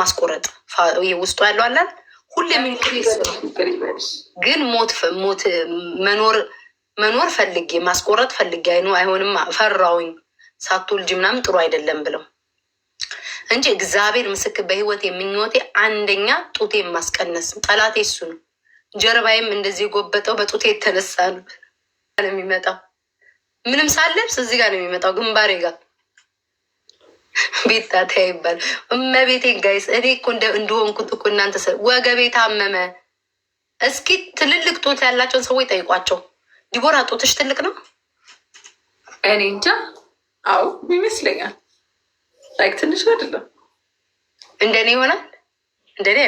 ማስቆረጥ ውስጡ ያለው አላል ሁሌም ግን ሞት ሞት መኖር መኖር ፈልጌ ማስቆረጥ ፈልጌ አይኑ አይሆንም ፈራውኝ ሳትወልጂ ምናምን ጥሩ አይደለም ብለው እንጂ እግዚአብሔር ምስክር በህይወት የምኞቴ አንደኛ ጡቴ ማስቀነስ ጠላቴ እሱ ነው። ጀርባዬም እንደዚህ ጎበጠው በጡቴ የተነሳ ነው የሚመጣው። ምንም ሳለብስ እዚህ ጋር ነው የሚመጣው ግንባሬ ጋር ቤታ ይባል እመቤቴ ጋይስ እኔ እኮ እንደሆንኩት እኮ እናንተ ወገቤ ታመመ። እስኪ ትልልቅ ጡት ያላቸውን ሰዎች ጠይቋቸው። ዲቦራ ጡትሽ ትልቅ ነው? እኔ እንጃ። አዎ ይመስለኛል። ላይክ ትንሽ አይደለም። እንደኔ ይሆናል። እንደኔ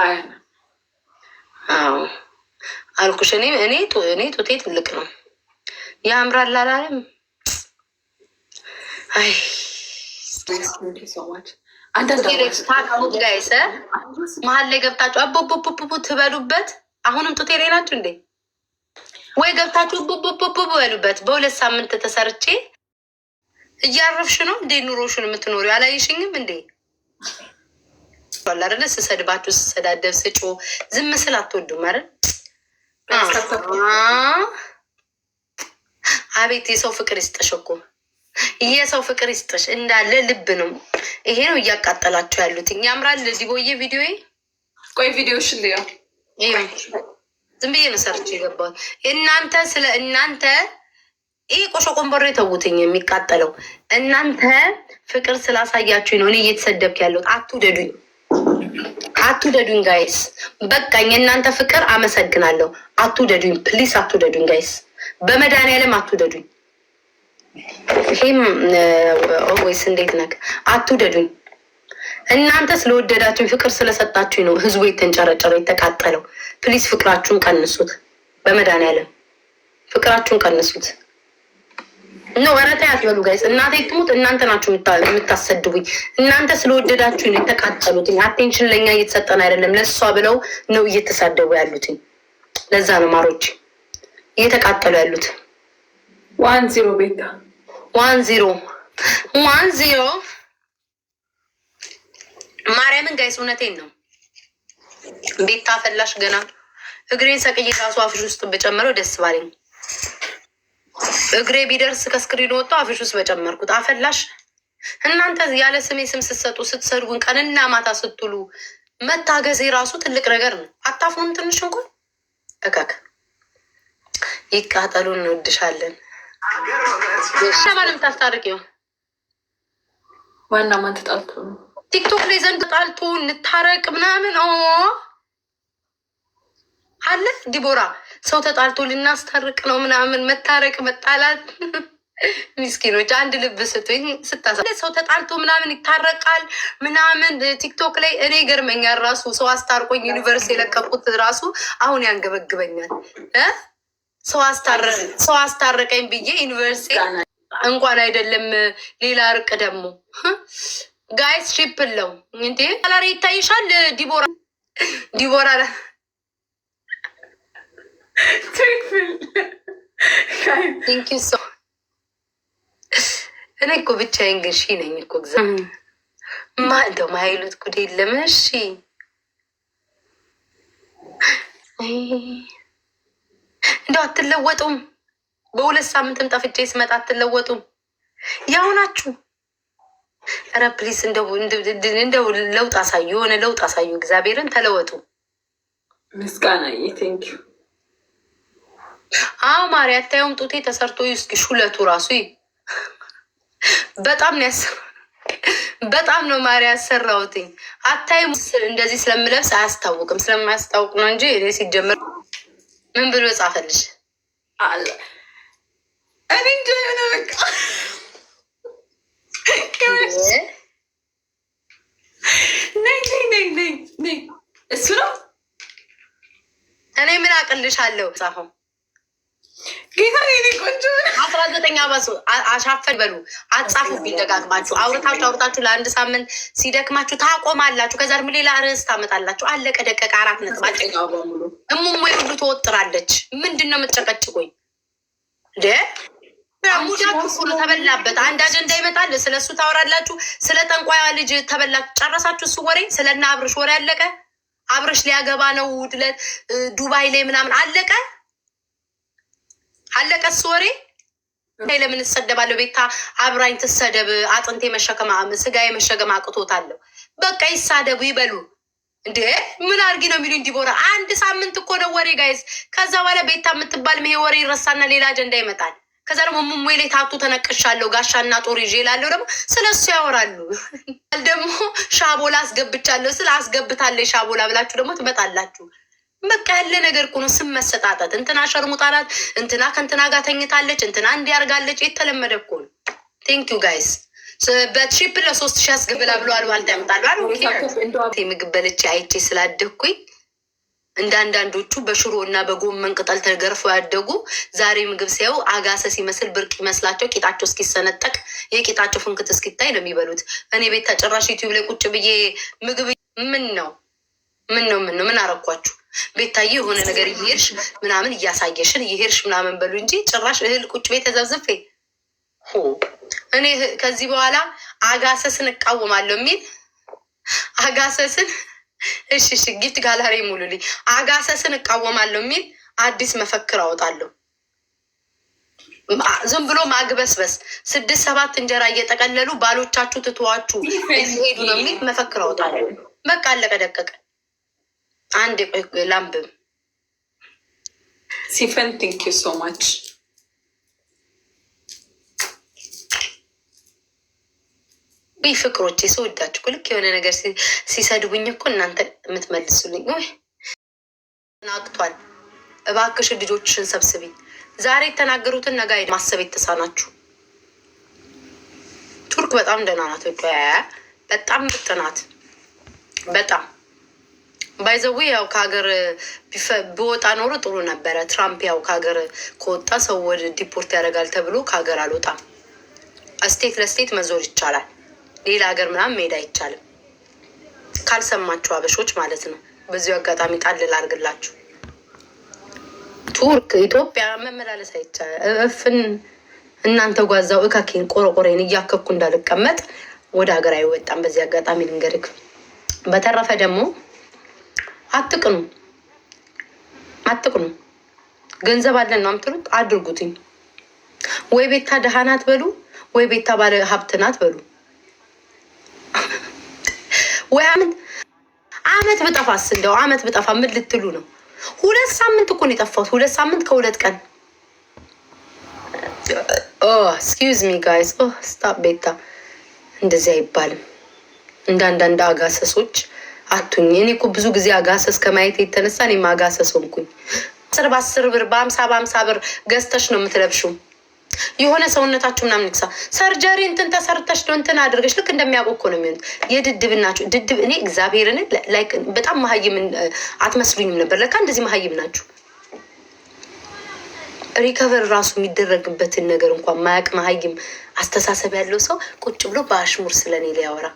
አይሆንም። አዎ አልኩሽ። እኔ እኔ እኔ ጡቴ ትልቅ ነው። ያምራል አላለም? አይ አንዳንዳይሰ መሀል ላይ ገብታችሁ አቦቦቦቦ ትበሉበት። አሁንም ጡቴ ላይ ናችሁ እንዴ? ወይ ገብታችሁ ቦቦቦቦ በሉበት። በሁለት ሳምንት ተሰርቼ እያረፍሽ ነው እንዴ? ኑሮሽን የምትኖሪ አላይሽኝም እንዴ? አይደለ? ስሰድባችሁ ስሰዳደብ ስጮ ዝም ስል አትወዱም አይደል? አቤት የሰው ፍቅር ይስጠሽ እኮ የሰው ፍቅር ይስጥሽ እንዳለ ልብ ነው። ይሄ ነው እያቃጠላችሁ ያሉት። ያምራል። ቆየ ቪዲዮ ቆይ ቪዲዮ ሽልየው ዝም ብዬ ነው ሰርች የገባሁት። እናንተ ስለ እናንተ ይህ ቆሾ ቆንበሮ የተውትኝ የሚቃጠለው እናንተ ፍቅር ስላሳያችሁኝ ነው እኔ እየተሰደብክ ያለሁት። አትውደዱኝ፣ አትውደዱኝ ጋይስ በቃኝ። እናንተ ፍቅር አመሰግናለሁ። አትውደዱኝ ፕሊስ፣ አትውደዱኝ ጋይስ፣ በመድኃኒዓለም አትውደዱኝ። ይሄም ወይስ እንዴት ነገር አትውደዱኝ። እናንተ ስለወደዳችሁኝ ፍቅር ስለሰጣችሁኝ ነው ህዝቡ የተንጨረጨረው የተቃጠለው። ፕሊስ ፍቅራችሁን ቀንሱት። በመድኃኒዓለም ፍቅራችሁን ቀንሱት። ነው ወረታ ያትበሉ ጋይስ፣ እናቴ ትሙት። እናንተ ናችሁ የምታሰድቡኝ። እናንተ ስለወደዳችሁኝ ነው የተቃጠሉትኝ። አቴንሽን ለእኛ እየተሰጠን አይደለም፣ ለእሷ ብለው ነው እየተሳደቡ ያሉትኝ። ለዛ ነው ማሮች እየተቃጠሉ ያሉት ዋን ዚሮ ቤታ ዋን ዜሮ ዋን ዜሮ ማርያምን ጋይስ እውነቴን ነው። ቤታ ፈላሽ ገና እግሬን ሰቅዬ ራሱ አፍሽ ውስጥ በጨመረው ደስ ባለኝ። እግሬ ቢደርስ ከስክሪን ወጥቶ አፍሽ ውስጥ በጨመርኩት አፈላሽ። እናንተ ያለ ስሜ ስም ስትሰጡ ስትሰዱን ቀንና ማታ ስትሉ መታገዝ የራሱ ትልቅ ነገር ነው። አታፍኑም? ትንሽ እንኳን እከክ ይቃጠሉን እንወድሻለን ሸባል የምታስታርቂው ዋና ማን ተጣልቶ ነው? ቲክቶክ ላይ ዘንድ ተጣልቶ እንታረቅ ምናምን አለ ዲቦራ ሰው ተጣልቶ ልናስታርቅ ነው ምናምን መታረቅ መጣላት ሚስኪኖች አንድ ልብ ስትኝ ስታሳ ሰው ተጣልቶ ምናምን ይታረቃል ምናምን ቲክቶክ ላይ እኔ ገርመኛል ራሱ ሰው አስታርቆኝ ዩኒቨርስ የለቀቁት ራሱ አሁን ያንገበግበኛል። ሰው አስታረቀኝ ብዬ ዩኒቨርሲቲ እንኳን አይደለም ሌላ እርቅ ደግሞ ጋይስ ሽፕለው እንዴ ላሪ ይታይሻል። ዲቦራ ዲቦራ ቴንክ ዩ ሶ እኔ እኮ ብቻዬን ግን ሺ ነኝ እኮ እግዚአብሔር ማ እንደው ማይሉት ጉዴ የለም እሺ እንደው አትለወጡም። በሁለት ሳምንትም ጠፍቼ ስመጣ አትለወጡም። ያው ናችሁ። ኧረ ፕሊስ እንደው ለውጥ አሳዩ፣ የሆነ ለውጥ አሳዩ። እግዚአብሔርን ተለወጡ። ምስጋና ቴንክ ዩ። አዎ ማርያ ታየውም ጡቴ ተሰርቶ እስኪ ሹለቱ ራሱ በጣም ነው በጣም ነው ማርያ ያሰራውትኝ። አታይም እንደዚህ ስለምለብስ አያስታውቅም። ስለማያስታውቅ ነው እንጂ እኔ ሲጀምር ምን ብሎ ጻፈልሽ? እኔ እንደሆነ በቃ እሱ ነው። እኔ ምን አቅልሻለሁ ጻፈው አስራ ዘጠኝ አባሶ አሻፈን በሉ አጻፉ። ቢደጋግማችሁ አውርታችሁ አውርታችሁ ለአንድ ሳምንት ሲደክማችሁ ታቆማላችሁ። ከዛ ሌላ ርዕስ ታመጣላችሁ። አለቀ ደቀቀ። አራት ነጥባጭ እሙሙ ሁሉ ተወጥራለች። ምንድን ነው የምትጨቀጭቆኝ? እንደ ተበላበት። አንድ አጀንዳ ይመጣል፣ ስለ እሱ ታወራላችሁ። ስለ ጠንቋያ ልጅ ተበላችሁ፣ ጨረሳችሁ። እሱ ወሬ ስለና አብርሽ ወሬ አለቀ። አብርሽ ሊያገባ ነው ድለት ዱባይ ላይ ምናምን አለቀ። አለቀስ ወሬ ለምን እሰደባለሁ? ቤታ አብራኝ ትሰደብ። አጥንቴ መሸከም ስጋ የመሸከም አቅቶታለሁ። በቃ ይሳደቡ ይበሉ። እንዴ ምን አርጊ ነው የሚሉ እንዲቦራ አንድ ሳምንት እኮ ነው ወሬ ጋይዝ። ከዛ በኋላ ቤታ የምትባል ይሄ ወሬ ይረሳና ሌላ አጀንዳ ይመጣል። ከዛ ደግሞ ሙሙ ላይ ታቱ ተነቅሻለሁ ጋሻና ጦር ይዤ ላለሁ ደግሞ ስለ እሱ ያወራሉ። ደግሞ ሻቦላ አስገብቻለሁ ስለ አስገብታለ ሻቦላ ብላችሁ ደግሞ ትመጣላችሁ። በቃ ያለ ነገር እኮ ነው። ስም መሰጣጠት እንትና ሸርሙጣላት፣ እንትና ከእንትና ጋር ተኝታለች፣ እንትና እንዲያርጋለች። የተለመደ እኮ ነው። ቴንክ ዩ ጋይስ በትሪፕ ለሶስት ሺ አስገብላ ብለዋል። ባልታ ያምጣሉ። ምግብ በልቼ አይቼ ስላደግኩኝ እንደ አንዳንዶቹ በሽሮ እና በጎመን ቅጠል ተገርፈው ያደጉ ዛሬ ምግብ ሲያዩ አጋሰ ሲመስል ብርቅ ይመስላቸው ቂጣቸው እስኪሰነጠቅ የቂጣቸው ፍንክት እስኪታይ ነው የሚበሉት። እኔ ቤት ተጨራሽ ዩቲዩብ ላይ ቁጭ ብዬ ምግብ ምን ነው ምን ነው ምን ነው ምን አረኳችሁ? ቤታዬ የሆነ ነገር እየሄድሽ ምናምን እያሳየሽን እየሄድሽ ምናምን በሉ እንጂ ጭራሽ እህል ቁጭ ቤት ተዘብዝፌ እኔ ከዚህ በኋላ አጋሰስን እቃወማለሁ የሚል አጋሰስን እሺ፣ እሺ ጊፍት ጋላሪ ሙሉልኝ። አጋሰስን እቃወማለሁ የሚል አዲስ መፈክር አወጣለሁ። ዝም ብሎ ማግበስበስ ስድስት ሰባት እንጀራ እየጠቀለሉ ባሎቻችሁ ትተዋችሁ ሄዱ ነው የሚል መፈክር አወጣለሁ። በቃ አለቀ ደቀቀ። አንድ ቆይ ላንብብ። ሲፈን ቴንክ ዩ ሶ ማች ይ ፍቅሮች የሰወዳችሁ ልክ የሆነ ነገር ሲሰድቡኝ እኮ እናንተ የምትመልሱልኝ ወይ ናቅቷል። እባክሽ ልጆችሽን ሰብስቢ። ዛሬ የተናገሩትን ነገ ማሰብ የተሳናችሁ ቱርክ በጣም ደህና ናት። በጣም ምርጥ ናት። በጣም ባይዘዌ ያው ከሀገር ቢወጣ ኖሮ ጥሩ ነበረ። ትራምፕ ያው ከሀገር ከወጣ ሰው ወደ ዲፖርት ያደርጋል ተብሎ ከሀገር አልወጣም። እስቴት ለስቴት መዞር ይቻላል። ሌላ ሀገር ምናምን መሄድ አይቻልም። ካልሰማችሁ አበሾች ማለት ነው። በዚሁ አጋጣሚ ጣል ላድርግላችሁ። ቱርክ፣ ኢትዮጵያ መመላለስ አይቻልም። እፍን እናንተ ጓዛው እካኬን ቆረቆሬን እያከብኩ እንዳልቀመጥ ወደ ሀገር አይወጣም። በዚህ አጋጣሚ ልንገርግ። በተረፈ ደግሞ አትቅኑ አትቅኑ። ገንዘብ አለን ነው የምትሉት፣ አድርጉትኝ። ወይ ቤታ ደሃ ናት በሉ፣ ወይ ቤታ ባለ ሀብት ናት በሉ። ወይ አመት አመት ብጠፋስ እንደው አመት ብጠፋ ምን ልትሉ ነው? ሁለት ሳምንት እኮ ነው የጠፋሁት። ሁለት ሳምንት ከሁለት ቀን ስኪዝ ሚ ጋይስ ስታ ቤታ፣ እንደዚህ አይባልም። እንደ አንዳንድ አጋሰሶች አቱኝ እኔ እኮ ብዙ ጊዜ አጋሰስ ከማየት የተነሳ እኔ አጋሰስ ሆንኩኝ። አስር በአስር ብር በአምሳ በአምሳ ብር ገዝተሽ ነው የምትለብሹ የሆነ ሰውነታችሁ ምናምን ይክሳ ሰርጀሪ እንትን ተሰርተሽ ነው እንትን አድርገሽ ልክ እንደሚያውቁ እኮ ነው የሚሆኑት። የድድብ ናችሁ ድድብ። እኔ እግዚአብሔርን ላይክ በጣም መሀይም አትመስሉኝም ነበር። ለካ እንደዚህ መሀይም ናችሁ። ሪከቨር ራሱ የሚደረግበትን ነገር እንኳን ማያቅ መሀይም አስተሳሰብ ያለው ሰው ቁጭ ብሎ በአሽሙር ስለኔ ሊያወራ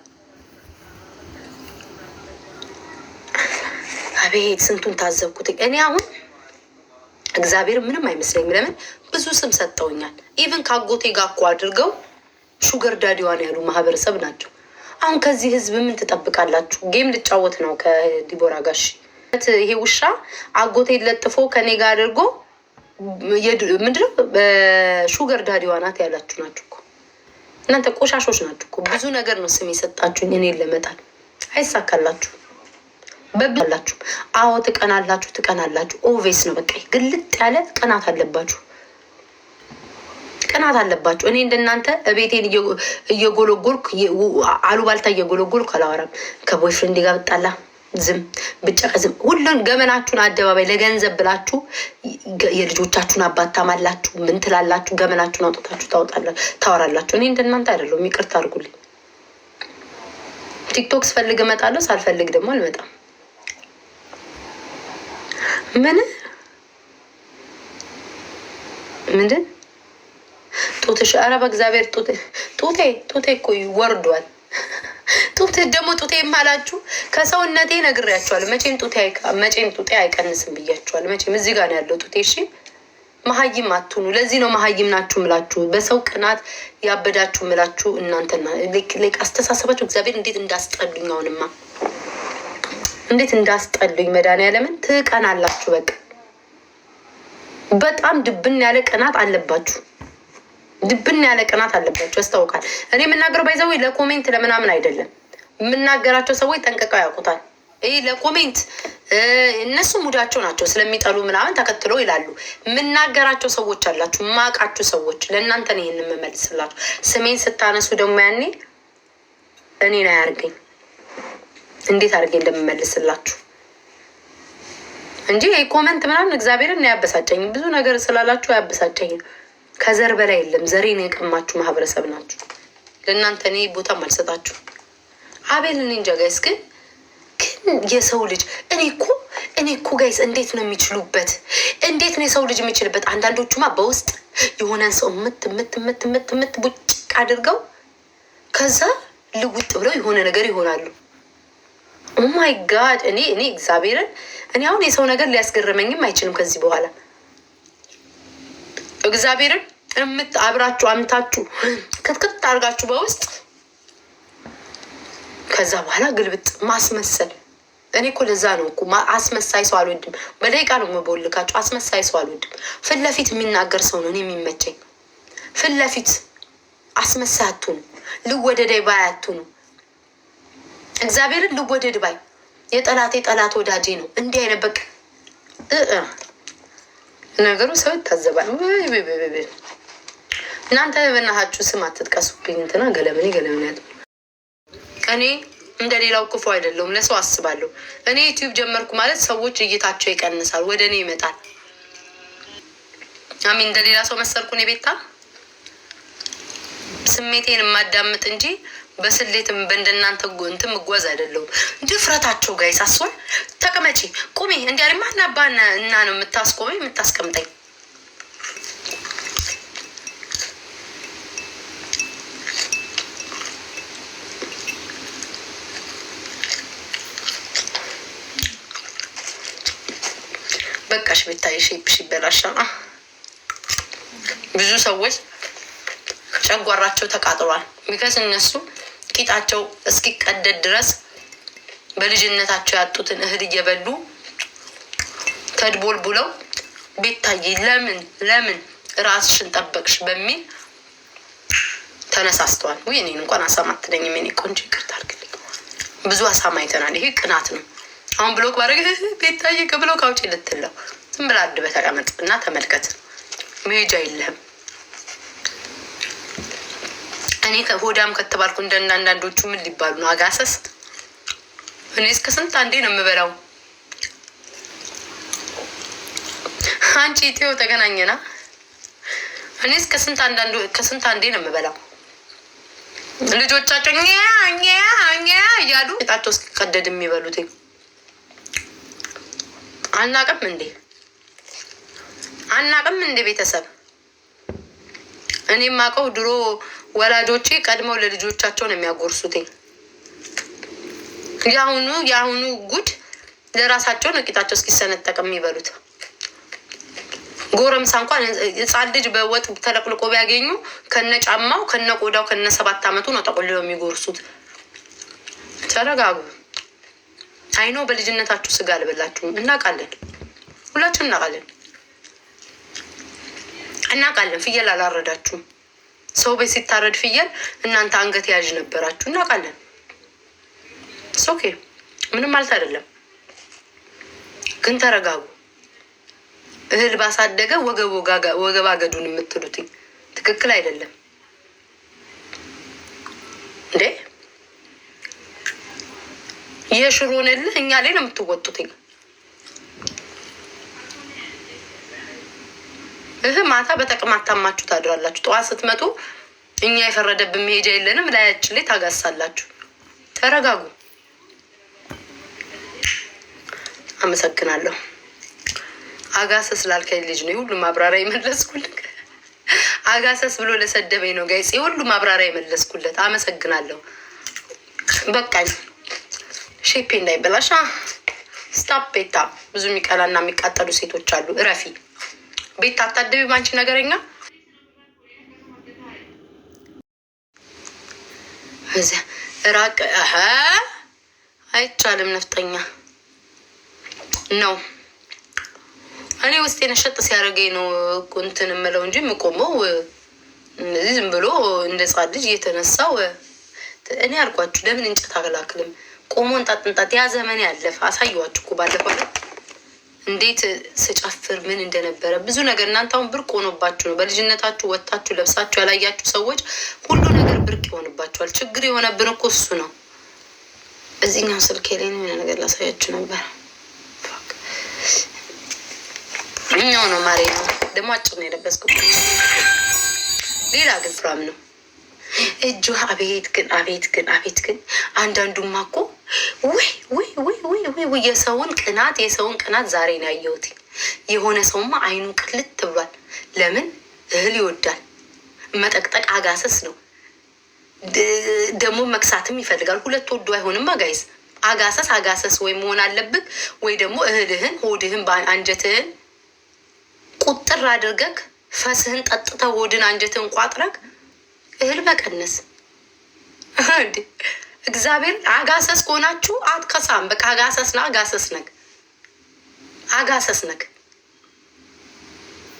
አቤት ስንቱን ታዘብኩት። እኔ አሁን እግዚአብሔር ምንም አይመስለኝም። ለምን ብዙ ስም ሰጠውኛል። ኢቭን ከአጎቴ ጋር እኮ አድርገው ሹገር ዳዲዋን ያሉ ማህበረሰብ ናቸው። አሁን ከዚህ ህዝብ ምን ትጠብቃላችሁ? ጌም ልጫወት ነው ከዲቦራ ጋሽ ይሄ ውሻ አጎቴ ለጥፎ ከኔ ጋር አድርጎ ምንድነው ሹገር ዳዲዋ ናት ያላችሁ ናችሁ እኮ እናንተ ቆሻሾች ናችሁ እኮ። ብዙ ነገር ነው ስም የሰጣችሁኝ እኔን ለመጣል አይሳካላችሁ። በላችሁ። አዎ ትቀናላችሁ፣ ትቀናላችሁ። ኦቬስ ነው በቃ ግልጥ ያለ ቅናት አለባችሁ፣ ቅናት አለባችሁ። እኔ እንደናንተ እቤቴን እየጎለጎልኩ አሉባልታ እየጎለጎልኩ አላወራም። ከቦይፍሬንድ ጋር ብጣላ ዝም ብቻ ዝም። ሁሉን ገመናችሁን አደባባይ ለገንዘብ ብላችሁ የልጆቻችሁን አባት ታማላችሁ፣ ምን ትላላችሁ? ገመናችሁን አውጥታችሁ ታወጣላችሁ፣ ታወራላችሁ። እኔ እንደናንተ አይደለሁም። ይቅርታ አድርጉልኝ። ቲክቶክ ስፈልግ እመጣለሁ፣ ሳልፈልግ ደግሞ አልመጣም። ምን ምንድን ጡትሽ? ኧረ በእግዚአብሔር ጡቴ ጡቴ ጡቴ እኮ ወርዷል። ጡቴ ደግሞ ጡቴ የማላችሁ ከሰውነቴ ነግሬያችኋል። መቼም ጡቴ መቼም ጡቴ አይቀንስም ብያችኋል። መቼም እዚህ ጋር ነው ያለው ጡቴ። እሺ መሀይም አትሁኑ። ለዚህ ነው መሀይም ናችሁ ምላችሁ በሰው ቅናት ያበዳችሁ ምላችሁ እናንተና አስተሳሰባችሁ እግዚአብሔር እንዴት እንዳስጠሉኝ አሁንማ እንዴት እንዳስጠሉኝ መድኃኒዓለምን ትቀናላችሁ። በቃ በጣም ድብን ያለ ቅናት አለባችሁ። ድብን ያለ ቅናት አለባችሁ ያስታውቃል። እኔ የምናገረው ባይዘዌ ለኮሜንት ለምናምን አይደለም። የምናገራቸው ሰዎች ጠንቅቀው ያውቁታል። ይህ ለኮሜንት እነሱ ሙዳቸው ናቸው ስለሚጠሉ ምናምን ተከትለው ይላሉ። የምናገራቸው ሰዎች አላችሁ፣ ማቃችሁ ሰዎች ለእናንተ ነው ይህን የምመልስላችሁ። ስሜን ስታነሱ ደግሞ ያኔ እኔን አያርገኝ እንዴት አድርጌ እንደምመልስላችሁ እንጂ ኮመንት ምናምን እግዚአብሔርን አያበሳጨኝም። ብዙ ነገር ስላላችሁ አያበሳጨኝም። ከዘር በላይ የለም። ዘሬን የቀማችሁ ማህበረሰብ ናችሁ። ለእናንተ እኔ ቦታ አልሰጣችሁ። አቤል እንጃ ጋይስ፣ ግን ግን የሰው ልጅ እኔ እኮ እኔ እኮ ጋይስ፣ እንዴት ነው የሚችሉበት? እንዴት ነው የሰው ልጅ የሚችልበት? አንዳንዶቹማ በውስጥ የሆነን ሰው ምት ምት ምት ምት ምት ቡጭቅ አድርገው ከዛ ልውጥ ብለው የሆነ ነገር ይሆናሉ። ኦማይ oh ጋድ እኔ እኔ እግዚአብሔርን እኔ አሁን የሰው ነገር ሊያስገርመኝም አይችልም ከዚህ በኋላ እግዚአብሔርን እምት አብራችሁ አምታችሁ ክትክት አድርጋችሁ በውስጥ ከዛ በኋላ ግልብጥ ማስመሰል እኔ እኮ ለዛ ነው እኮ አስመሳይ ሰው አልወድም። በደቂቃ ነው መበወልካቸው። አስመሳይ ሰው አልወድም። ፊት ለፊት የሚናገር ሰው ነው እኔ የሚመቸኝ። ፊት ለፊት አስመሳይ አትሁኑ፣ ልወደደይ ባይ አትሁኑ። እግዚአብሔርን ልወደድ ባይ የጠላቴ ጠላት ወዳጄ ነው። እንዲህ አይነት በቃ ነገሩ ሰው ይታዘባል። እናንተ በናሃችሁ ስም አትጥቀሱብኝ። እንትና ገለምኔ ገለምኔ እኔ እንደ ሌላው ክፉ አይደለሁም። ለሰው አስባለሁ። እኔ ዩቲዩብ ጀመርኩ ማለት ሰዎች እይታቸው ይቀንሳል፣ ወደ እኔ ይመጣል። አሚን እንደ ሌላ ሰው መሰልኩ የቤታ ቤታ ስሜቴን የማዳምጥ እንጂ በስሌትም በእንደናንተ እንትን ምጓዝ አይደለሁም። ድፍረታቸው ጋር ይሳስሆን ተቀመጪ፣ ቁሚ እንዲያልማ እናባ እና ነው የምታስቆመኝ የምታስቀምጠኝ በቃሽ ቤታ ሼፕሽ ይበላሻል። ብዙ ሰዎች ጨጓራቸው ተቃጥሏል። ቢከስ እነሱ ቂጣቸው እስኪቀደድ ድረስ በልጅነታቸው ያጡትን እህል እየበሉ ተድቦል ብለው ቤታዬ ለምን ለምን ራስሽን ጠበቅሽ በሚል ተነሳስተዋል። ወይ እኔን እንኳን አሳማ አትለኝ የኔ ቆንጆ ይቅርታ አድርግልኝ። ብዙ አሳማ አይተናል። ይሄ ቅናት ነው። አሁን ብሎክ ባደረገ ቤታዬ ከብሎክ አውጪ ልትለው ዝም ብላ አድበ ተቀመጥ እና ተመልከት መሄጃ የለህም። እኔ ሆዳም ከተባልኩ እንደ አንዳንዶቹ ምን ሊባሉ ነው? አጋሰስ እኔ እስከ ስንት አንዴ ነው የምበላው። አንቺ ኢትዮ ተገናኘና እኔ እስከ ስንት አንዳንዱ ከስንት አንዴ ነው የምበላው። ልጆቻቸው እያሉ ጣቸው እስኪቀደድ የሚበሉት አናቅም እንዴ አናቅም እንዴ? ቤተሰብ እኔ ማቀው ድሮ ወላጆቼ ቀድመው ለልጆቻቸው ነው የሚያጎርሱትኝ። የአሁኑ የአሁኑ ጉድ ለራሳቸው ነው ቂጣቸው እስኪሰነጠቅ የሚበሉት። ጎረምሳ እንኳን ህፃን ልጅ በወጥ ተለቅልቆ ቢያገኙ ከነ ጫማው ከነ ቆዳው ከነ ሰባት አመቱ ነው ጠቆልለው የሚጎርሱት። ተረጋጉ። አይኖ በልጅነታችሁ ስጋ አልበላችሁም። እናውቃለን፣ ሁላችን እናውቃለን፣ እናውቃለን። ፍየል አላረዳችሁም። ሰው ቤት ሲታረድ ፍየል እናንተ አንገት ያዥ ነበራችሁ፣ እናውቃለን። ኦኬ ምንም ማለት አይደለም፣ ግን ተረጋጉ። እህል ባሳደገ ወገብ አገዱን የምትሉትኝ ትክክል አይደለም እንዴ? የሽሮን እልህ እኛ ላይ ነው የምትወጡትኝ። እህ ማታ በተቅማጥ ታማችሁ ታድራላችሁ። ጠዋት ስትመጡ እኛ የፈረደብን መሄጃ የለንም፣ ላያችን ላይ ታጋሳላችሁ። ተረጋጉ። አመሰግናለሁ። አጋሰስ ስላልከኝ ልጅ ነው ሁሉ ማብራሪያ የመለስኩልህ። አጋሰስ ብሎ ለሰደበኝ ነው ጋይጽ ሁሉ ማብራሪያ የመለስኩለት። አመሰግናለሁ። በቃኝ። ሼፔ እንዳይበላሽ ስታፔታ ብዙ የሚቀላና የሚቃጠሉ ሴቶች አሉ። እረፊ። ቤት ታታደቢ አንቺ ነገረኛ። ራቅ አይቻልም። ነፍጠኛ ነው። እኔ ውስጤ ነሸጥ ሲያደርገኝ ነው እንትን የምለው እንጂ የምቆመው እነዚህ ዝም ብሎ እንደ ጻድ ልጅ እየተነሳው እኔ አልኳችሁ ለምን እንጨት አላክልም? ቆሞ እንጣጥ እንጣጥ ያ ዘመን ያለፈ አሳየዋችሁ እኮ ባለፈው እንዴት ስጨፍር ምን እንደነበረ ብዙ ነገር እናንተ አሁን ብርቅ ሆኖባችሁ ነው። በልጅነታችሁ ወጥታችሁ ለብሳችሁ ያላያችሁ ሰዎች ሁሉ ነገር ብርቅ ይሆንባችኋል። ችግር የሆነብን እኮ እሱ ነው። እዚህኛው ስልክ የሌን የሆነ ነገር ላሳያችሁ ነበር። እኛው ነው ማሬ ነው ደግሞ አጭር ነው የለበስኩት። ሌላ ግን ፍራም ነው እጇ አቤት ግን አቤት ግን አቤት ግን አንዳንዱማ እኮ ውይ የሰውን ቅናት የሰውን ቅናት ዛሬ ነው ያየሁት። የሆነ ሰውማ አይኑ ቅልት ትብሏል። ለምን እህል ይወዳል። መጠቅጠቅ አጋሰስ ነው ደግሞ መክሳትም ይፈልጋል። ሁለት ወዶ አይሆንም። አጋይዝ አጋሰስ አጋሰስ ወይ መሆን አለብህ ወይ ደግሞ እህልህን ሆድህን አንጀትህን ቁጥር አድርገህ ፈስህን ጠጥተህ ሆድን አንጀትህን ቋጥረግ እህል መቀነስ እንዴ እግዚአብሔር አጋሰስ ከሆናችሁ አትከሳም። በቃ አጋሰስ ና አጋሰስ ነግ አጋሰስ ነግ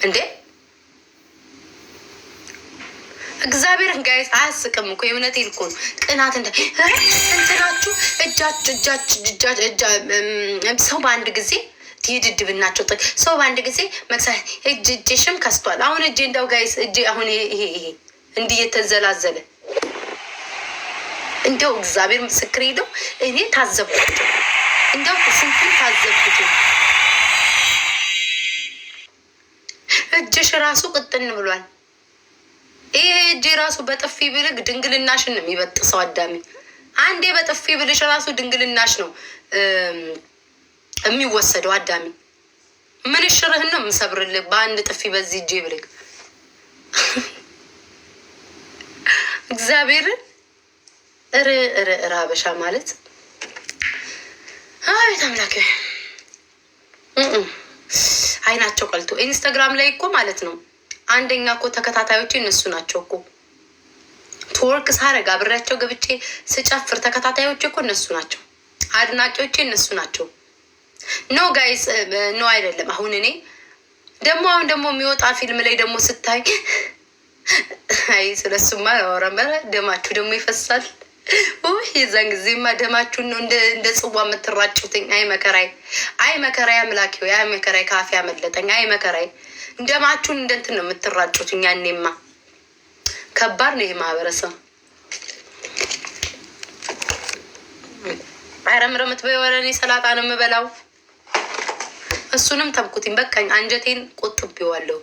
እንዴ እግዚአብሔር ጋይስ አያስቅም እኮ የእውነት እኮ ነው። ቅናት እንደ እንትናችሁ እጃች እጃች እጃ ሰው በአንድ ጊዜ ይድድብናቸው ሰው በአንድ ጊዜ መክሳት እጅ እጅሽም ከስቷል። አሁን እጄ እንደው ጋይስ እጄ አሁን ይሄ ይሄ እንዲህ የተንዘላዘለ እንደው እግዚአብሔር ምስክር ሄደው እኔ ታዘብኩት። እንደው ስንት ታዘብኩት። እጅሽ ራሱ ቅጥን ብሏል። ይሄ እጅ ራሱ በጥፊ ብልግ ድንግልናሽን ነው የሚበጥሰው። አዳሚ አንዴ በጥፊ ብልሽ ራሱ ድንግልናሽ ነው የሚወሰደው። አዳሚ ምን ሽርህን ነው የምሰብርልህ በአንድ ጥፊ በዚህ እጄ ብልግ እግዚአብሔርን እረ እረ እረ ሀበሻ ማለት አቤት አምላክ አይናቸው ቀልቶ ኢንስታግራም ላይ እኮ ማለት ነው። አንደኛ እኮ ተከታታዮቼ እነሱ ናቸው እኮ ትወርክ ሳረግ አብሬያቸው ገብቼ ስጨፍር ተከታታዮች እኮ እነሱ ናቸው። አድናቂዎች እነሱ ናቸው። ኖ ጋይስ ኖ አይደለም። አሁን እኔ ደግሞ አሁን ደግሞ የሚወጣ ፊልም ላይ ደግሞ ስታይ አይ ስለሱማ ወረመረ ደማችሁ ደግሞ ይፈሳል። ውይ የዛን ጊዜማ ደማችሁን ነው እንደ ጽዋ የምትራጩትኝ። አይ መከራይ፣ አይ መከራይ፣ አምላኪ ሆይ፣ አይ መከራይ፣ ካፌ አመለጠኝ። አይ መከራይ፣ ደማችሁን እንደ እንትን ነው የምትራጩትኝ። ያኔማ ከባድ ነው ይሄ ማህበረሰብ። አረምረምት በወረኔ ሰላጣ ነው የምበላው። እሱንም ተብኩትኝ። በቃኝ፣ አንጀቴን ይዋለሁ።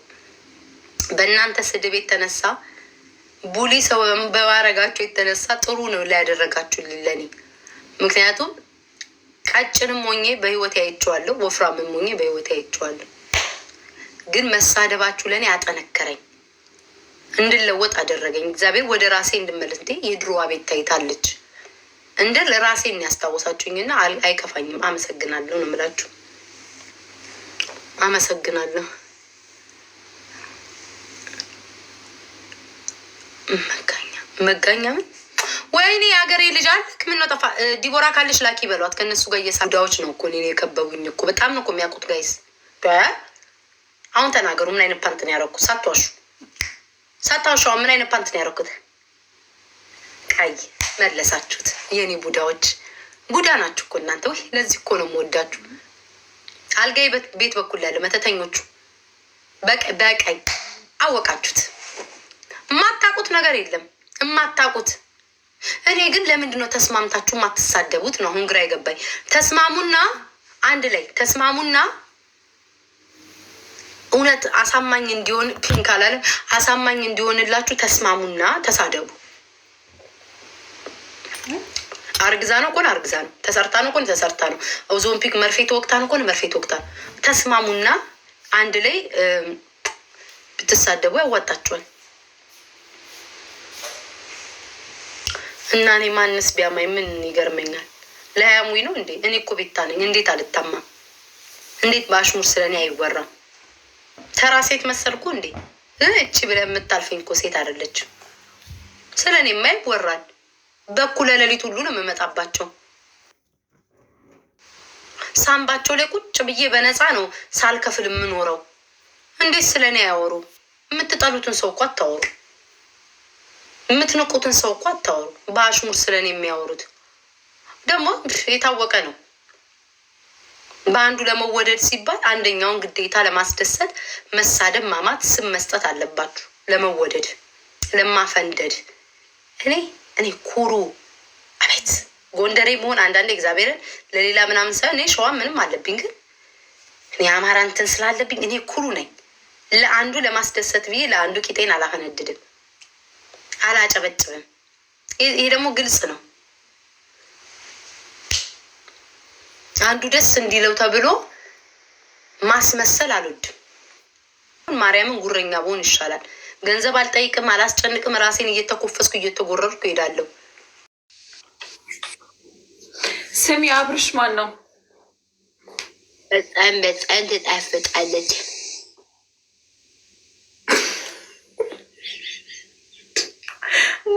በእናንተ ስድብ የተነሳ ቡሊ ሰው በማረጋቸው የተነሳ ጥሩ ነው ላያደረጋችሁልኝ ለኔ። ምክንያቱም ቀጭንም ሆኜ በህይወት ያይቸዋለሁ፣ ወፍራምም ሆኜ በህይወት ያይቸዋለሁ። ግን መሳደባችሁ ለእኔ አጠነከረኝ፣ እንድለወጥ አደረገኝ። እግዚአብሔር ወደ ራሴ እንድመለስ እንዴ የድሮዋ ቤት ታይታለች እንደ ለራሴ የሚያስታወሳችሁኝና አይከፋኝም። አመሰግናለሁ ነው የምላችሁ። አመሰግናለሁ። መጋኛ መጋኛ ምን ወይኔ የሀገሬ ልጅ አልክ። ምን ነው ጠፋ። ዲቦራ ካለሽ ላኪ በሏት። ከእነሱ ጋር እየሳ እየሳዳዎች ነው እኮ እኔ የከበቡኝ እኮ በጣም ነው እኮ የሚያውቁት። ጋይስ አሁን ተናገሩ። ምን አይነት ፓንት ነው ሳታሹ ሳታሹ አሁን ምን አይነት ፓንት ነው ያደረኩት? ቀይ መለሳችሁት። የኔ ቡዳዎች ቡዳ ናችሁ እኮ እናንተ። ወይ ለዚህ እኮ ነው የምወዳችሁ። አልጋይ ቤት በኩል ያለ መተተኞቹ በቀይ አወቃችሁት። የማታውቁት ነገር የለም የማታውቁት። እኔ ግን ለምንድን ነው ተስማምታችሁ የማትሳደቡት ነው አሁን ግራ የገባኝ። ተስማሙና አንድ ላይ ተስማሙና እውነት አሳማኝ እንዲሆን ፒንክ አላለም። አሳማኝ እንዲሆንላችሁ ተስማሙና ተሳደቡ። አርግዛ ነው ቆን አርግዛ ነው፣ ተሰርታ ነው ቆን ተሰርታ ነው፣ ኦዞምፒክ መርፌ ተወቅታ ነው ቆን መርፌ ተወቅታ ነው። ተስማሙና አንድ ላይ ብትሳደቡ ያዋጣችኋል። እና እኔ ማንስ ቢያማኝ ምን ይገርመኛል? ለያሙኝ ነው እንዴ? እኔ እኮ ቤታ ነኝ። እንዴት አልታማም? እንዴት በአሽሙር ስለኔ አይወራም? ተራ ሴት መሰልኩ እንዴ? እቺ ብለ የምታልፈኝ እኮ ሴት አይደለችም። ስለ እኔማ ይወራል። በኩለ ሌሊት ሁሉ ነው የምመጣባቸው። ሳምባቸው ላይ ቁጭ ብዬ በነፃ ነው ሳልከፍል የምኖረው። እንዴት ስለ እኔ አያወሩ? የምትጠሉትን ሰው እኮ አታወሩ። የምትንቁትን ሰው እኮ አታወሩ። በአሽሙር ስለን የሚያወሩት ደግሞ የታወቀ ነው። በአንዱ ለመወደድ ሲባል አንደኛውን ግዴታ ለማስደሰት መሳደብ፣ ማማት፣ ስም መስጠት አለባችሁ። ለመወደድ ለማፈንደድ እኔ እኔ ኩሩ አቤት ጎንደሬ መሆን አንዳንዴ እግዚአብሔርን ለሌላ ምናምን ሳይሆን እኔ ሸዋ ምንም አለብኝ፣ ግን እኔ አማራ እንትን ስላለብኝ እኔ ኩሩ ነኝ። ለአንዱ ለማስደሰት ብዬ ለአንዱ ቂጤን አላፈነድድም። አላጨበጭብም። ይሄ ደግሞ ግልጽ ነው። አንዱ ደስ እንዲለው ተብሎ ማስመሰል አልወድም። ማርያምን ጉረኛ ብሆን ይሻላል። ገንዘብ አልጠይቅም፣ አላስጨንቅም። ራሴን እየተኮፈስኩ እየተጎረርኩ እሄዳለሁ ። ስሚ አብርሽ ማን ነው? በጣም በጣም ትጣፍጣለች።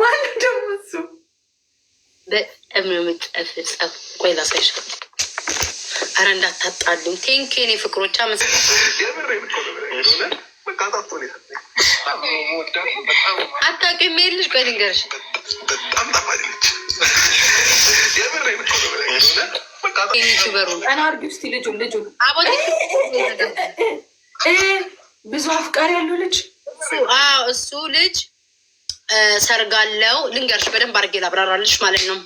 ማን ደግሞ እሱ በጣም ቆይ ላሳይሽ። አረ እንዳታጣሉም። ቴንኪ ኔ ፍቅሮች ቆይ ልንገርሽ፣ ብዙ አፍቃሪ ያለው ልጅ እሱ ልጅ ሰርጋለው ልንገርሽ፣ በደንብ አድርጌ ላብራራልሽ ማለት ነው።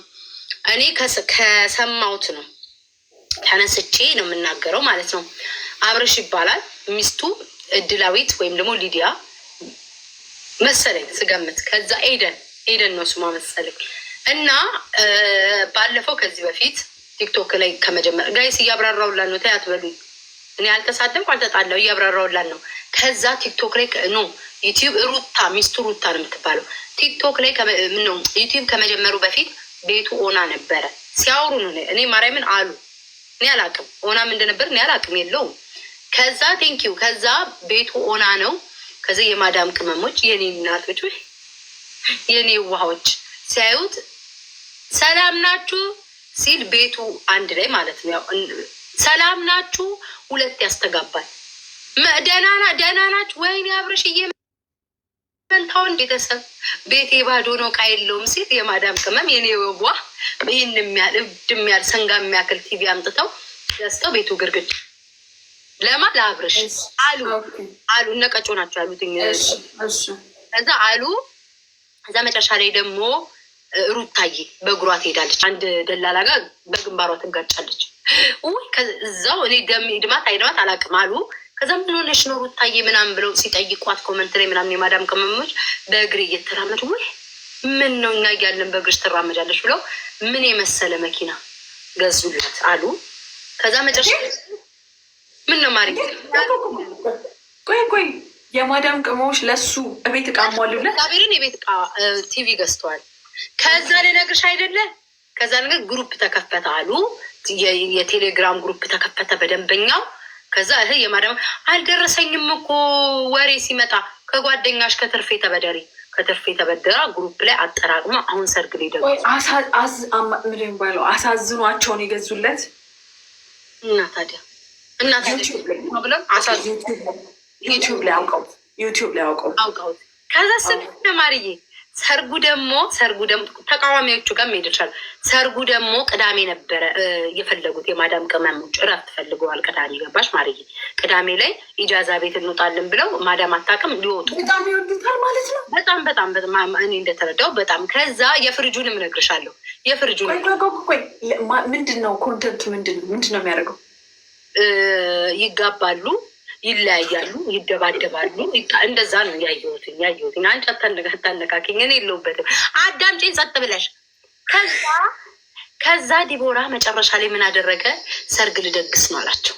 እኔ ከሰማሁት ነው ተነስቼ ነው የምናገረው ማለት ነው። አብርሽ ይባላል። ሚስቱ እድላዊት ወይም ደግሞ ሊዲያ መሰለኝ ስገምት፣ ከዛ ኤደን ኤደን ነው ስሟ መሰለኝ። እና ባለፈው ከዚህ በፊት ቲክቶክ ላይ ከመጀመር ጋይስ እያብራራውላን ነው። ተይ አትበሉኝ። እኔ አልተሳደምኩ፣ አልተጣላሁ። እያብራራውላን ነው። ከዛ ቲክቶክ ላይ ነው ዩቲዩብ ሩታ ሚስቱ ሩታ ነው የምትባለው። ቲክቶክ ላይ ምነው ዩቲዩብ ከመጀመሩ በፊት ቤቱ ኦና ነበረ። ሲያወሩ ነው እኔ ማርያምን አሉ እኔ አላቅም ኦናም እንደነበር እኔ አላቅም የለውም። ከዛ ቴንኪዩ ከዛ ቤቱ ኦና ነው። ከዚህ የማዳም ቅመሞች የኔ እናቶች ወይ የኔ ውሃዎች ሲያዩት ሰላም ናችሁ ሲል ቤቱ አንድ ላይ ማለት ነው። ሰላም ናችሁ ሁለት ያስተጋባል። ደህና ናችሁ ወይኔ አብርሽዬ ፈንታውን ቤተሰብ ቤቴ ባዶ ነው፣ ዕቃ የለውም ሲል የማዳም ቅመም የኔ ወቧ ይህን የሚያል እብድ የሚያል ሰንጋ የሚያክል ቲቪ አምጥተው ገዝተው ቤቱ ግርግድ ለማ ለአብርሽ አሉ አሉ እነቀጮ ናቸው ያሉት። ከዛ አሉ እዛ መጨረሻ ላይ ደግሞ ሩታዬ በእግሯ ትሄዳለች። አንድ ደላላ ጋር በግንባሯ ትጋጫለች። ውይ ከዛው እኔ ደም ድማት አይድማት አላውቅም አሉ ከዛ ምን ሆነሽ ነው ሩታዬ ምናምን ብለው ሲጠይቋት ኮመንት ላይ ምናምን የማዳም ቅመሞች በእግር እየተራመዱ ወይ ምን ነው እኛ እያለን በእግርሽ ትራመዳለች ብለው ምን የመሰለ መኪና ገዙላት አሉ። ከዛ መጨረሻ ምን ነው ማሪ ቆይ ቆይ የማዳም ቅመሞች ለሱ እቤት እቃ ሟሉለት ቤርን የቤት እቃ ቲቪ ገዝተዋል። ከዛ ልነግርሽ አይደለ ከዛ ነገር ግሩፕ ተከፈተ አሉ። የቴሌግራም ግሩፕ ተከፈተ በደንበኛው ከዛ እህ የማዳም አልደረሰኝም እኮ ወሬ ሲመጣ ከጓደኛሽ ከትርፌ ተበደሪ ከትርፌ ተበደራ ግሩፕ ላይ አጠራቅማ አሁን ሰርግ ሊደ ምንም አሳዝኗቸውን የገዙለት እና ታዲያ እና ዩቲዩብ ላይ አውቀውት ዩቲዩብ ላይ አውቀውት አውቀውት ከዛ ስብ ተማሪዬ ሰርጉ ደግሞ ሰርጉ ደግሞ ተቃዋሚዎቹ ጋር መሄድ ይችላል። ሰርጉ ደግሞ ቅዳሜ ነበረ የፈለጉት የማዳም ቅመሞች እረፍት ፈልገዋል። ቅዳሜ ገባሽ ማርዬ? ቅዳሜ ላይ ኢጃዛ ቤት እንውጣለን ብለው ማዳም አታውቅም ሊወጡ በጣም በጣም በጣም እኔ እንደተረዳው በጣም ከዛ የፍርጁን እነግርሻለሁ። የፍርጁን ምንድን ነው ኮንተንቱ ምንድን ነው የሚያደርገው? ይጋባሉ ይለያያሉ፣ ይደባደባሉ። እንደዛ ነው ያየሁትኝ ያየሁትኝ። አንቺ አታነካኪኝ፣ እኔ የለሁበትም። አዳምጪኝ ጸጥ ብለሽ። ከዛ ከዛ ዲቦራ መጨረሻ ላይ ምን አደረገ? ሰርግ ልደግስ ነው አላቸው።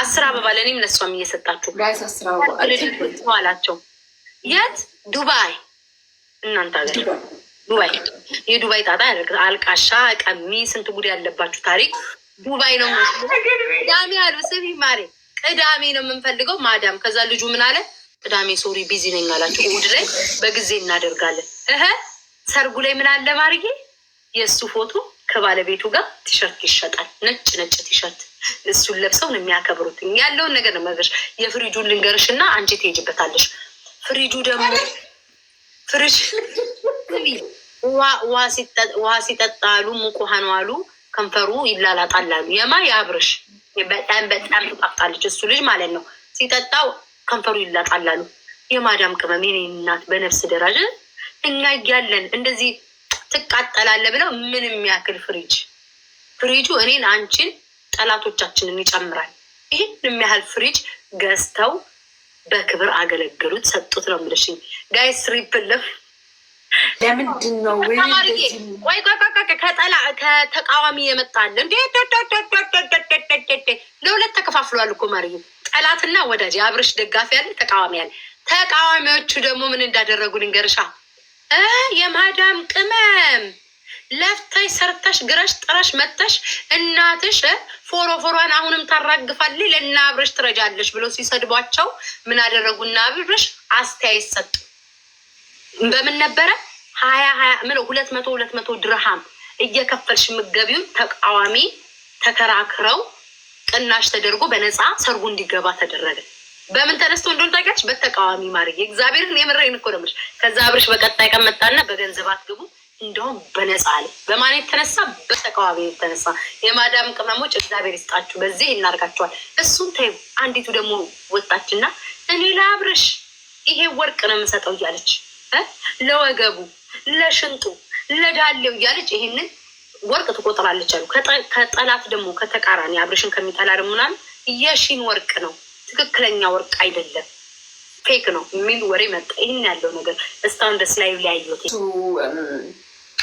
አስር አበባ ለእኔም ለእሷም እየሰጣችሁ ልደግስ ነው አላቸው። የት ዱባይ፣ እናንተ ሀገር ዱባይ። የዱባይ ጣጣ አልቃሻ ቀሚ፣ ስንት ጉድ ያለባችሁ ታሪክ ዱባይ ነው። ዳሚ አሉ ስሚ ማሬ ቅዳሜ ነው የምንፈልገው ማዳም። ከዛ ልጁ ምን አለ? ቅዳሜ ሶሪ ቢዚ ነኝ አላቸው። እሑድ ላይ በጊዜ እናደርጋለን። እህ ሰርጉ ላይ ምን አለ ማርጌ፣ የእሱ ፎቶ ከባለቤቱ ጋር ቲሸርት ይሸጣል። ነጭ ነጭ ቲሸርት እሱን ለብሰው ነው የሚያከብሩት። ያለውን ነገር ነው መገርሽ። የፍሪጁን ልንገርሽ እና አንቺ ትሄጅበታለሽ። ፍሪጁ ደግሞ ፍሪጅ ውሃ ሲጠጣሉ ሙቅ ውሃ አሉ። ከንፈሩ ይላላጣላሉ። የማ የአብርሽ በጣም በጣም ትጣጣለች። እሱ ልጅ ማለት ነው ሲጠጣው ከንፈሩ ይላጣላሉ። የማዳም ቅመም የኔ እናት በነፍስ ደረጃ እኛ እያለን እንደዚህ ትቃጠላለ ብለው ምን የሚያክል ፍሪጅ ፍሪጁ እኔን አንቺን ጠላቶቻችንን ይጨምራል። ይህን የሚያህል ፍሪጅ ገዝተው በክብር አገለገሉት ሰጡት ነው ምለሽኝ ጋይስ ሪፕልፍ ለምንድን ነው ቆይ ከተቃዋሚ እንዴ? ለሁለት ተከፋፍሏል እኮ ጠላትና ወዳጅ። የአብርሽ ደጋፊ ያለ ተቃዋሚ ያለ። ተቃዋሚዎቹ ደግሞ ምን እንዳደረጉ ልንገርሻ። የማዳም ቅመም ሰርተሽ ግረሽ ጥረሽ መጥተሽ እናትሽ ፎሮ ፎሯን አሁንም አብርሽ ትረጃለሽ ሲሰድቧቸው ምን አብርሽ አስተያየት ሰጡ። በምን ነበረ ሀያ ሀያ ምን ሁለት መቶ ሁለት መቶ ድርሃም እየከፈልሽ ምገቢውን ተቃዋሚ ተከራክረው ቅናሽ ተደርጎ በነፃ ሰርጉ እንዲገባ ተደረገ። በምን ተነስቶ እንደሆነ ታውቂያለሽ? በተቃዋሚ ማድረግ እግዚአብሔርን የምረይን እኮ ነበር። ከዛ አብርሽ በቀጣይ ቀን መጣና በገንዘብ አትግቡ እንደውም በነፃ አለ። በማን የተነሳ? በተቃዋሚ የተነሳ። የማዳም ቅመሞች እግዚአብሔር ይስጣችሁ፣ በዚህ እናርጋቸዋል። እሱን ተይው። አንዲቱ ደግሞ ወጣችና እኔ ለአብርሽ ይሄ ወርቅ ነው የምሰጠው እያለች ለወገቡ፣ ለሽንጡ፣ ለዳሌው እያለች ይሄንን ወርቅ ትቆጥራለች አሉ። ከጠላት ደግሞ ከተቃራኒ አብርሽን ከሚጠላ ደግሞ ምናምን የሺን ወርቅ ነው ትክክለኛ ወርቅ አይደለም ፌክ ነው የሚል ወሬ መጣ። ይህን ያለው ነገር እስካሁን ደስ ላይ ሊያየት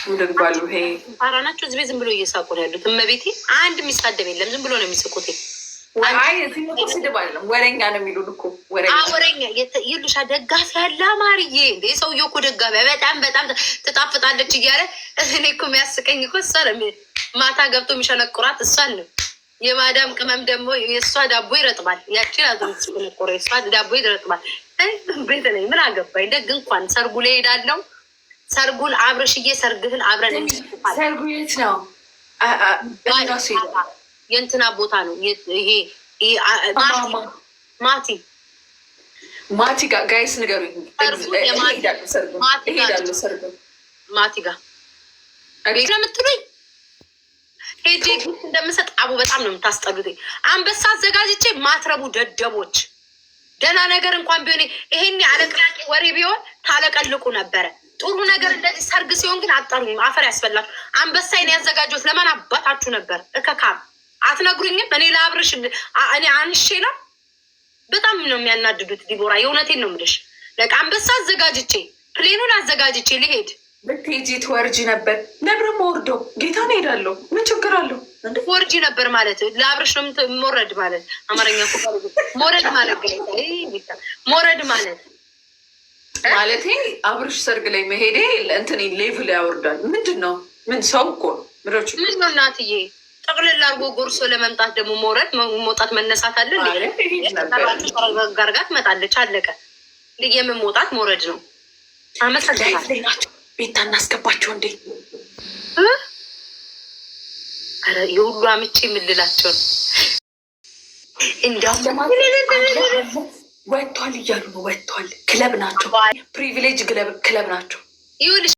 ምድግባሉ ይሄ አራናቸው ህዝቤ ዝም ብሎ እየሳቁ ነው ያሉት። እመቤቴ አንድ የሚሳደብ የለም ዝም ብሎ ነው የሚስቁት። እዚህ እኮ ነው የሚሉን እኮ ይሉሻ። ደጋፊ ያለ ማርዬ ሰውዬው እኮ ደጋፊ በጣም በጣም ትጣፍጣለች እያለ እኔ እኮ የሚያስቀኝ እኮ እሷ ነው። ማታ ገብቶ የሚሸነቁራት እሷን ነው። የማዳም ቅመም ደግሞ የእሷ ዳቦ ይረጥባል። ያቺ ያዘምስቆረ የእሷ ዳቦ ይረጥባል። ቤት ነኝ ምን አገባኝ። ደግ እንኳን ሰርጉ ላይ ሄዳለው። ሰርጉን አብረሽዬ ሰርግህን አብረን ሰርጉ የት ነው? የእንትና ቦታ ነው ይሄ ማቲ ማቲ ጋ ጋይስ ንገሩ ማቲ ጋር ስለምትሉኝ ሄጄ ግፍት እንደምሰጥ አቡ በጣም ነው የምታስጠሉት። አንበሳ አዘጋጅቼ ማትረቡ ደደቦች፣ ደህና ነገር እንኳን ቢሆን ይሄኔ አለቅላቂ ወሬ ቢሆን ታለቀልቁ ነበረ። ጥሩ ነገር እንደዚህ ሰርግ ሲሆን ግን አጠሩኝ። አፈር ያስፈላችሁ። አንበሳዬን ያዘጋጀሁት ለማን አባታችሁ ነበር? እከካም አትነግሩኝም? እኔ ለአብርሽ እኔ አንሼ ነው። በጣም ነው የሚያናድዱት። ዲቦራ የእውነቴን ነው የምልሽ። በቃ አንበሳ አዘጋጅቼ ፕሌኑን አዘጋጅቼ ልሄድ ብትሄጂ ትወርጂ ነበር። ነብረማ ወርዶ ጌታ ነው ሄዳለሁ። ምን ችግር አለው? ወርጂ ነበር ማለት ለአብርሽ ነው ሞረድ ማለት አማርኛ ሞረድ ማለት ሞረድ ማለት ማለቴ አብርሽ ሰርግ ላይ መሄዴ እንትን ሌቭል ያወርዳል። ምንድን ነው ምን ሰው እኮ ነው ምንድን ነው እናትዬ ጠቅልላ አድርጎ ጎርሶ ለመምጣት ደግሞ መውረድ መውጣት መነሳት አለ ጋርጋ ትመጣለች። አለቀ። የምን መውጣት መውረድ ነው? አመሰግናለሁ። ቤታ እናስገባቸው እንዴ! የሁሉ አምጪ የምልላቸው እንዲያውም ወጥቷል እያሉ ነው። ወጥቷል። ክለብ ናቸው። ፕሪቪሌጅ ክለብ ናቸው። ይኸውልሽ